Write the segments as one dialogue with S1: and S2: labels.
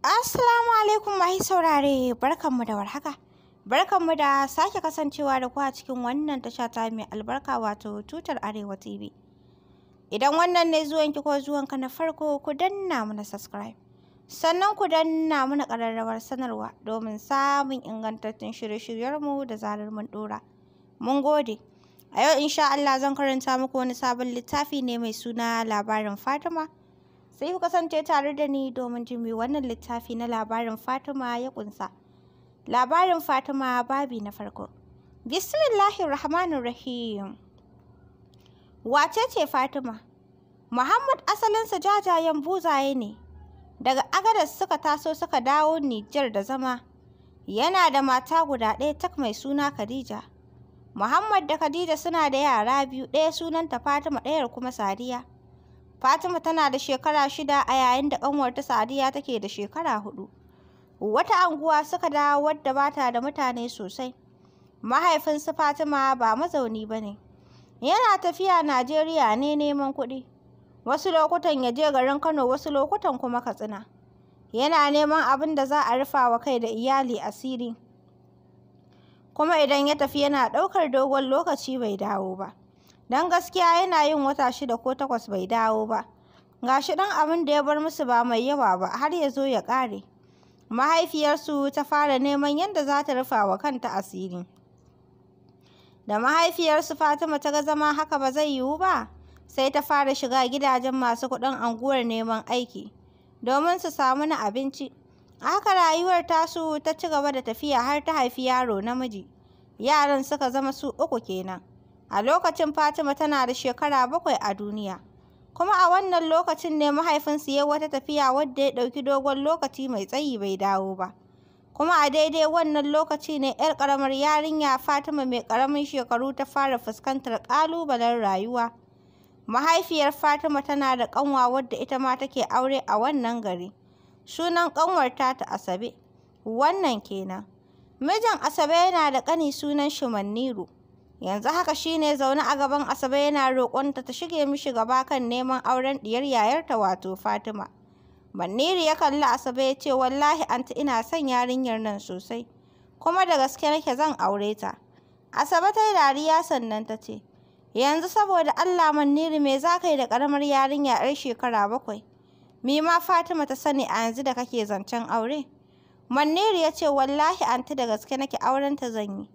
S1: Assalamu alaikum mai saurare barkanmu da warhaka. Barkanmu da sake kasancewa da ku a cikin wannan tasha ta mai albarka wato tutar Arewa TV. Idan wannan ne zuwanki ko zuwanka na farko ku danna mana subscribe. Sannan ku danna mana ƙararrawar sanarwa domin samun ingantattun shirye-shiryenmu da zarar mun ɗora. Mun gode. A yau insha Allah zan karanta muku wani sabon littafi ne mai suna labarin Fatima. sai ku kasance tare da ni domin jin me wannan littafi na labarin Fatima ya kunsa. Labarin Fatima babi na farko. Bismillahir Rahim. Wace ce Fatima? Muhammad asalinsa jajayen buzaye ne. Daga Agadas suka taso suka dawo Nijar da zama. Yana da mata guda ɗaya tak mai suna Khadija. Muhammad da Khadija suna da yara biyu, ɗaya sunanta Fatima, ɗayar kuma Sadiya. Fatima tana da shekara shida a yayin da ƙanwarta Sadiya take da shekara hudu. Wata anguwa suka dawo wadda ba ta da mutane sosai. Mahaifinsu Fatima ba mazauni ba ne. Yana tafiya Najeriya ne neman kuɗi. Wasu lokutan ya je garin Kano wasu lokutan kuma Katsina. Yana neman abin da za a rufa wa kai da iyali asiri. Kuma idan ya tafi yana ɗaukar dogon lokaci bai dawo ba. Don gaskiya yana yin wata shida ko takwas bai dawo ba. Ga shi ɗan abin da ya bar musu ba mai yawa ba har ya zo ya ƙare. Mahaifiyarsu ta fara neman yadda za ta rufa wa kanta asiri. Da mahaifiyarsu Fatima ta ga zama haka ba zai yiwu ba, sai ta fara shiga gidajen masu kuɗin anguwar neman aiki, domin su samu na abinci. haka rayuwar tasu ta ci gaba da tafiya har ta haifi yaro namiji. Yaran suka zama su uku kenan. A lokacin Fatima tana da shekara bakwai a duniya. Kuma a wannan lokacin ne mahaifinsu ya wata tafiya wadda ya ɗauki dogon lokaci mai tsayi bai dawo ba. Kuma a daidai wannan lokaci ne 'yar ƙaramar yarinya Fatima mai ƙaramin shekaru ta fara fuskantar ƙalubalen rayuwa. Mahaifiyar Fatima tana da ƙanwa wadda ita ma take aure a wannan gari. Sunan ƙanwar ta Asabe. Wannan kenan. Mijin Asabe yana da ƙani sunan shi yanzu haka shi ne zaune a gaban Asabe yana roƙonta ta shige mishi gaba kan neman auren ɗiyar yayarta wato Fatima. Maniri ya kalli Asabe ya ce wallahi anti ina son yarinyar nan sosai kuma da gaske nake zan aure ta. Asabe ta yi dariya sannan ta ce yanzu saboda Allah Maniri me za ka yi da ƙaramar yarinya 'yar shekara bakwai. Me ma Fatima ta sani a yanzu da kake zancen aure? Maniri ya ce wallahi anti da gaske nake auren ta zan yi.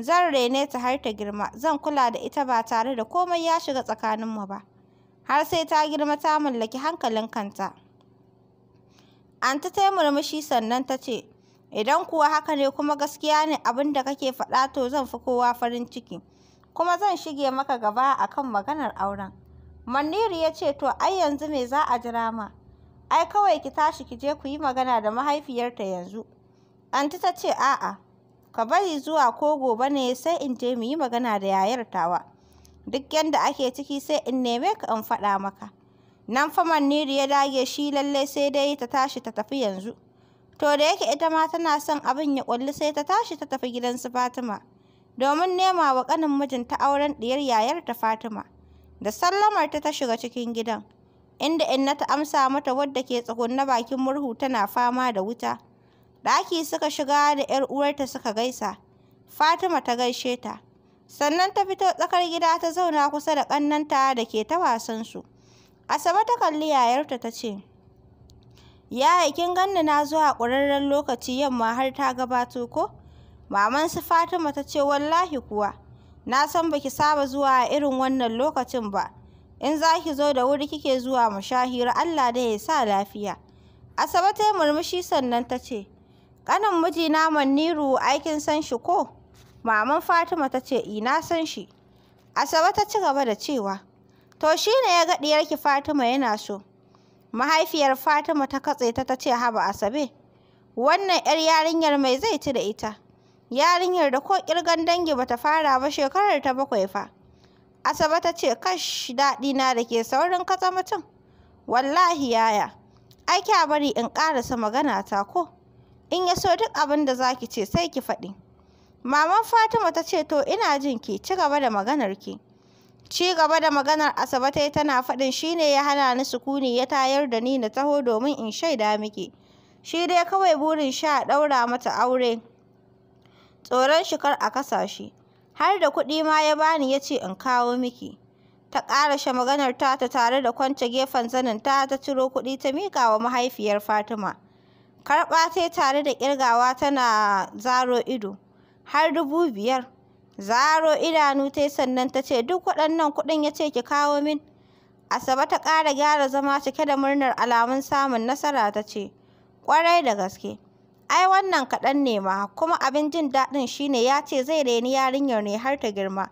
S1: Zan rene ta har ta girma, zan kula da ita ba tare da komai ya shiga tsakaninmu ba, har sai ta girma ta mallaki hankalin kanta. Anta ta yi murmushi sannan ta ce, Idan kuwa haka ne kuma gaskiya ne abin da kake faɗa to zan fi kowa farin ciki, kuma zan shige maka gaba a kan maganar auren. Maniri ya ce, To ai yanzu me za a jira ma? Ai kawai ki tashi ki je ku yi magana da mahaifiyarta yanzu. Anta ta ce, A'a. ka bari zuwa ko gobe ne sai in je mu yi magana da yayar tawa duk yadda ake ciki sai in neme ka in faɗa maka nan fa manniri ya dage shi lallai sai dai ta tashi ta tafi yanzu to da yake ita ma tana son abin ya ƙulli sai ta tashi ta tafi gidan su Fatima domin nema wa ƙanin ta auren ɗiyar yayarta Fatima da sallamar ta ta shiga cikin gidan inda inna ta amsa mata wadda ke tsugunna bakin murhu tana fama da wuta Ɗaki suka shiga da 'yar uwarta suka gaisa. Fatima ta gaishe ta. Sannan ta fito tsakar gida ta zauna kusa da ƙannanta da ke ta su. Asabe ta kalli yayarta ta ce, Yaya kin ganni na zuwa ƙurarren lokaci yamma har ta gabato ko? Maman su Fatima ta ce wallahi kuwa, na san baki saba zuwa irin wannan lokacin ba. In za ki zo da wuri kike zuwa mu sha Allah da ya sa lafiya. Asabe ta yi murmushi sannan ta ce, kanin mijina Manniru niru aikin san shi ko? Maman Fatima ta ce ina eh, san shi. Asabe ta ci gaba da cewa to shi ne ya ga ɗiyarki Fatima yana so. Mahaifiyar Fatima ta katse ta ta ce haba Asabe wannan 'yar yarinyar mai zai ci da ita. Yarinyar da ko kirgan dangi bata fara ba shekarar ta bakwai fa. Asabe ta ce kash daɗina da ke saurin katsa mutum. Wallahi yaya, ai kya bari in ƙarasa magana ta ko. in ya so duk abin da za ki ce sai ki faɗi maman fatima ta ce to ina jin ki ci gaba da maganar ki ci gaba da maganar asabe ta tana faɗin shine ya hana ni sukuni ya tayar da ni na taho domin in shaida miki shi dai kawai burin sha ɗaura mata aure tsoron shikar a shi. har da kuɗi ma ya bani ya ce in kawo miki ta ƙara ƙarashe maganar ta tare da kwance gefen zanin ta ta ciro kuɗi ta miƙa wa mahaifiyar fatima karɓa sai tare da kirgawa tana zaro ido har dubu biyar zaro idanu yi sannan ta ce duk waɗannan kuɗin ya ce ki kawo min Asabe ta ƙara gyara zama cike da murnar alamun samun nasara ta ce ƙwarai da gaske ai wannan kaɗan ne ma kuma abin jin daɗin shine ya ce zai reni yarinyar ne har ta girma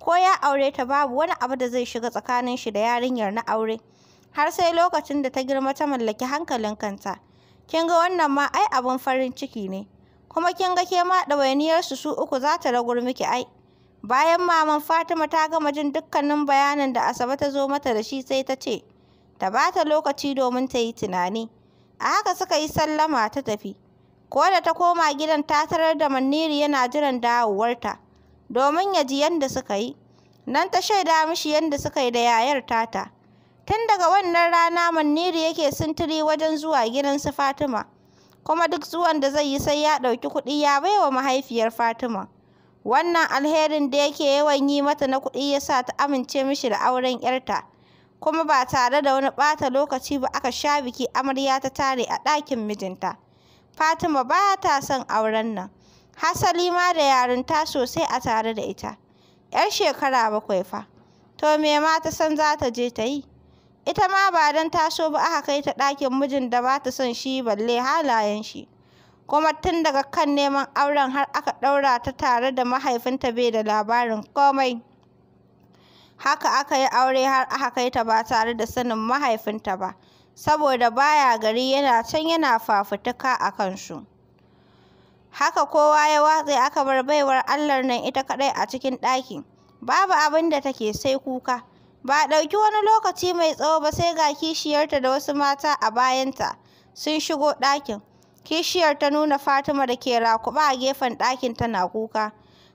S1: ko ya aure ta babu wani abu da zai shiga tsakanin shi da yarinyar na aure har sai lokacin da ta girma ta mallaki hankalin kanta Kin ga wannan ma ai abin farin ciki ne. Kuma kin ga ke ma ɗawainiyarsu su uku za ta ragur miki ai. Bayan maman Fatima ta gama jin dukkanin bayanin da Asabe ta zo mata da shi sai ta ce, ta ba ta lokaci domin ta yi tunani. A haka suka yi sallama ta tafi. Ko da ta koma gidan ta tarar da Maniri yana jiran dawowarta, domin ya ji yadda suka yi. Nan ta shaida mishi yadda suka yi da yayar tata. Tun daga wannan rana Manniru yake sintiri wajen zuwa gidan su Fatima, kuma duk zuwan da zai yi sai ya ɗauki kuɗi ya baiwa mahaifiyar Fatima. Wannan alherin da yake yawan yi mata na kuɗi ya sa ta amince mishi da auren 'yarta, kuma ba tare da wani ɓata lokaci ba aka sha biki amarya ta tare a ɗakin mijinta. Fatima ba ta son auren nan, hasali ma da yarinta sosai a tare da ita. 'Yar shekara bakwai fa, to me ma ta san za ta je ta yi? ita ma ba don taso ba aka kai ta ɗakin mijin da ba ta son shi balle halayen shi kuma tun daga kan neman auren har aka ɗaura ta tare da mahaifinta bai da labarin komai haka aka yi aure har aka kai ta ba tare da sanin mahaifinta ba saboda baya gari yana can yana fafutuka a kansu haka kowa ya watse aka bar baiwar allah nan ita kaɗai a cikin ɗakin babu abin da take sai kuka Ba a ɗauki wani lokaci mai tsawo ba sai ga kishiyarta da wasu mata a bayanta sun shigo ɗakin. Kishiyar ta nuna Fatima da ke rakuɓa a gefen ɗakin tana kuka.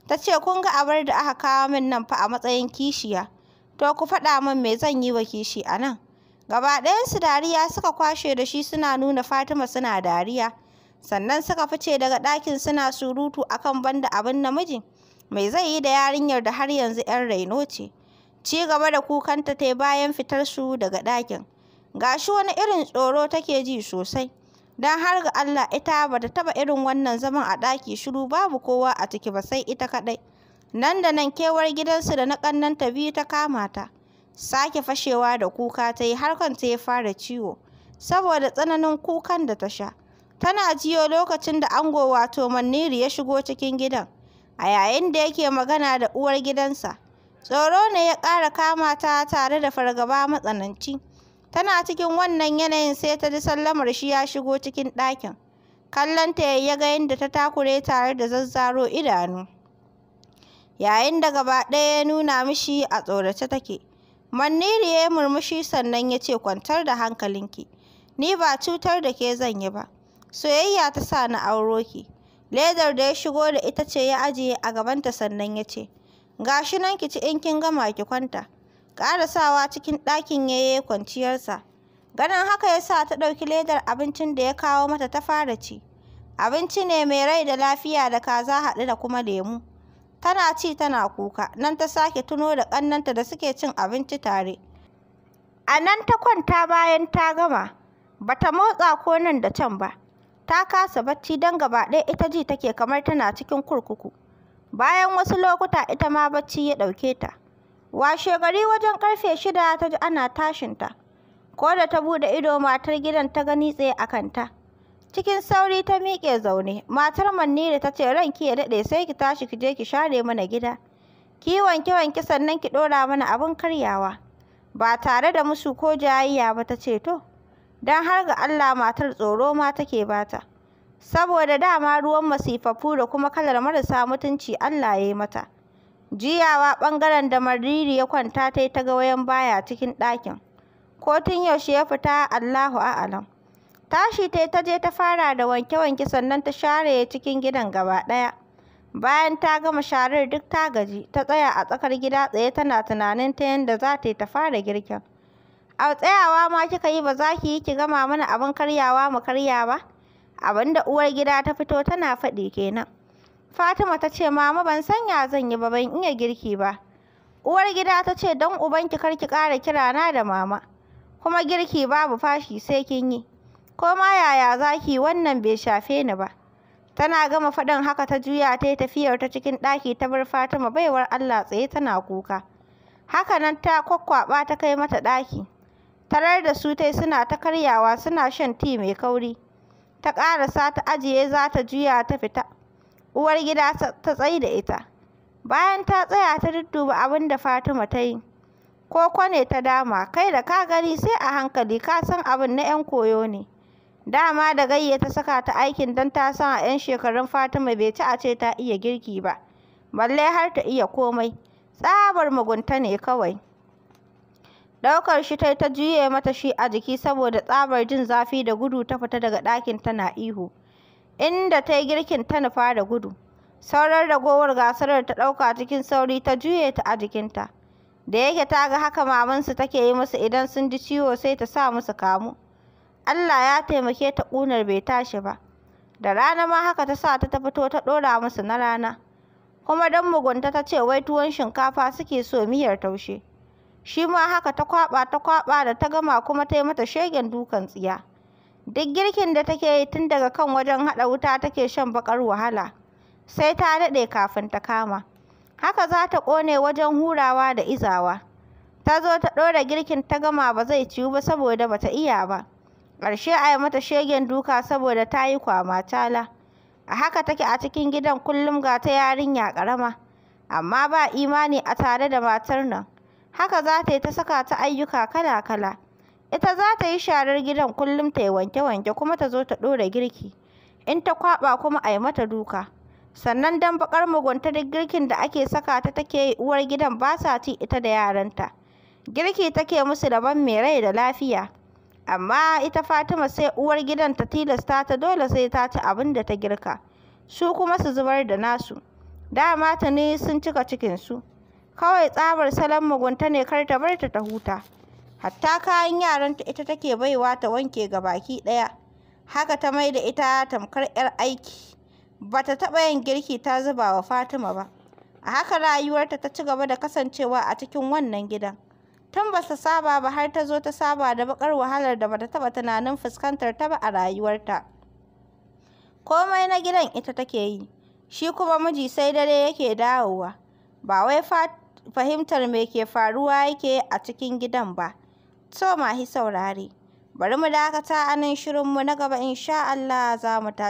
S1: Ta ce kun ga abar da aka kawo min nan fa a matsayin kishiya. To ku faɗa min me zan yi wa kishi a nan. Gaba ɗayansu dariya suka kwashe da shi suna nuna Fatima suna dariya. Sannan suka fice daga ɗakin suna surutu akan banda abin namijin. Me zai yi da yarinyar da har yanzu 'yan raino ce. ci gaba da kukanta ta bayan fitar su daga ɗakin. Ga shi wani irin tsoro take ji sosai, don har ga Allah ita ba ta taɓa irin wannan zaman a ɗaki shiru babu kowa a ciki ba sai ita kaɗai. Nan da nan kewar gidansu da na ta biyu ta kama ta, sake fashewa da kuka ta yi har kanta ya fara ciwo, saboda tsananin kukan da ta sha. Tana jiyo lokacin da ango wato manniri ya shigo cikin gidan, a yayin da yake magana da uwar gidansa. Tsoro ne ya ƙara kama ta tare da fargaba matsananci. Tana cikin wannan yanayin sai ta ji sallamar shi ya shigo cikin ɗakin. Kallonta ya ga yadda ta takure tare da zazzaro idanu. Yayin da gaba ɗaya ya nuna mishi a tsorace take. Manniri ya yi murmushi sannan ya ce kwantar da hankalinki. Ni ba cutar da ke zan yi ba. Soyayya ta sa ni auro ki. Ledar da ya shigo da ita ce ya ajiye a gabanta sannan ya ce. ga shi nan ki ci in kin gama ki kwanta ƙarasawa cikin ɗakin yi kwanciyarsa ganin haka ya sa ta ɗauki ledar abincin da ya kawo mata ta fara ci abinci ne mai rai da lafiya da kaza haɗu da kuma lemu tana ci tana kuka nan ta sake tuno da ƙannanta da suke cin abinci tare a nan ta kwanta bayan ta gama Ba ta motsa ko nan da can ba ta kasa bacci don gaba ɗaya ita ji take kamar tana cikin kurkuku Bayan wasu lokuta ita ma bacci ya ɗauke ta. Washe gari wajen karfe shida ta ji ana tashinta. Ko da ta buɗe ido matar gidan ta gani tsaye a kanta. Cikin sauri ta miƙe zaune. Matar da ta ce ranki ya daɗe sai ki tashi ki je ki share mana gida. Ki wanke wanke sannan ki ɗora mana abin karyawa. Ba tare da musu ko jayayya ba ta ce to. Don har ga Allah matar tsoro ma take bata. saboda dama ruwan masifafu da kuma kalar marasa mutunci Allah ya yi mata. Jiyawa ɓangaren da Mariri ya kwanta ta yi ta ga wayan baya cikin ɗakin. Ko tun yaushe ya fita Allahu a'alam. Tashi ta ta je ta fara da wanke-wanke sannan ta share cikin gidan gaba ɗaya. Bayan ta gama sharar duk ta gaji, ta tsaya a tsakar gida tsaye tana tunanin ta yadda za ta yi ta fara girkin. A tsayawa ma kika yi ba za ki yi ki gama mana abin karyawa mu karya ba? abinda uwar gida ta fito tana faɗi kenan Fatima ta ce mama ban san ya zan yi ba ban iya girki ba uwar gida ta ce don ubanki kar ki ƙara kira na da mama kuma girki babu fashi sai kin yi ko ma yaya zaki, wannan bai shafe ni ba tana gama faɗin haka ta juya ta yi tafiyar ta cikin ɗaki ta bar Fatima baiwar Allah tsaye tana kuka haka nan ta kwakwaɓa ta kai mata ɗaki tarar da su tai suna ta karyawa suna shan ti mai kauri ta ƙarasa ta ajiye za ta juya ta fita uwar gida ta tsai da ita bayan ta tsaya ta dudduba abin da fatima ta yi koko ne ta dama kai da ka gani sai a hankali ka san abin na 'yan koyo ne dama da gayya ta saka ta aikin don ta san a 'yan shekarun fatima bai ci a ce ta iya girki ba balle har ta iya komai tsabar mugunta ne kawai Daukar shi ta yi ta juye mata shi a jiki saboda tsabar jin zafi da gudu ta fita daga ɗakin tana ihu. Inda ta yi girkin ta nufa da gudu. Sauran ragowar gasarar ta ɗauka cikin sauri ta juye ta a jikinta. Da yake ta ga haka mamansu take yi musu idan sun ji ciwo sai ta sa musu kamu. Allah ya taimake ta ƙunar bai tashi ba. Da rana ma haka ta sa ta ta fito ta ɗora musu na rana. Kuma don mugunta ta ce wai tuwon shinkafa suke so miyar taushe. shi ma haka ta kwaɓa ta kwaɓa da ta gama kuma ta yi mata shegen dukan tsiya duk girkin da take yi tun daga kan wajen haɗa wuta take shan baƙar wahala sai ta daɗe kafin ta kama haka za ta ƙone wajen hurawa da izawa ta zo ta ɗora girkin ta gama ba zai ciwu ba saboda ba ta iya ba ƙarshe a yi mata shegen duka saboda ta yi kwama tala a haka take a cikin gidan kullum ga ta yarinya ƙarama amma ba imani a tare da matar nan haka za ta yi ta saka ta ayyuka kala-kala ita za ta yi sharar gidan kullum ta yi wanke-wanke kuma ta zo ta ɗora girki in ta kwaɓa kuma a yi mata duka sannan dan baƙar muguntar girkin da ake saka ta take uwar gidan ba sa ci ita da yaranta girki take musu daban mai rai da lafiya amma ita Fatima sai uwar gidan ta tilasta ta dole sai ta ci abin da ta girka su kuma su zubar da nasu dama tuni sun cika cikinsu kawai tsabar salon mugunta ne kar ta bar ta huta hatta kayan yaran ta ita take baiwa ta wanke ga baki ɗaya haka ta mai da ita tamkar 'yar aiki bata taba yin girki ta zuba wa Fatima ba a haka rayuwarta ta ci gaba da kasancewa a cikin wannan gidan tun ba ta saba ba har ta zo ta saba da bakar wahalar da bata taba tunanin fuskantar ta ba a rayuwarta komai na gidan ita take yi shi kuma miji sai dare yake dawowa ba wai fahimtar me ke faruwa yake a cikin gidan ba. To masu saurare, bari mu dakata a nan shirinmu na gaba insha Allah za mu tashi.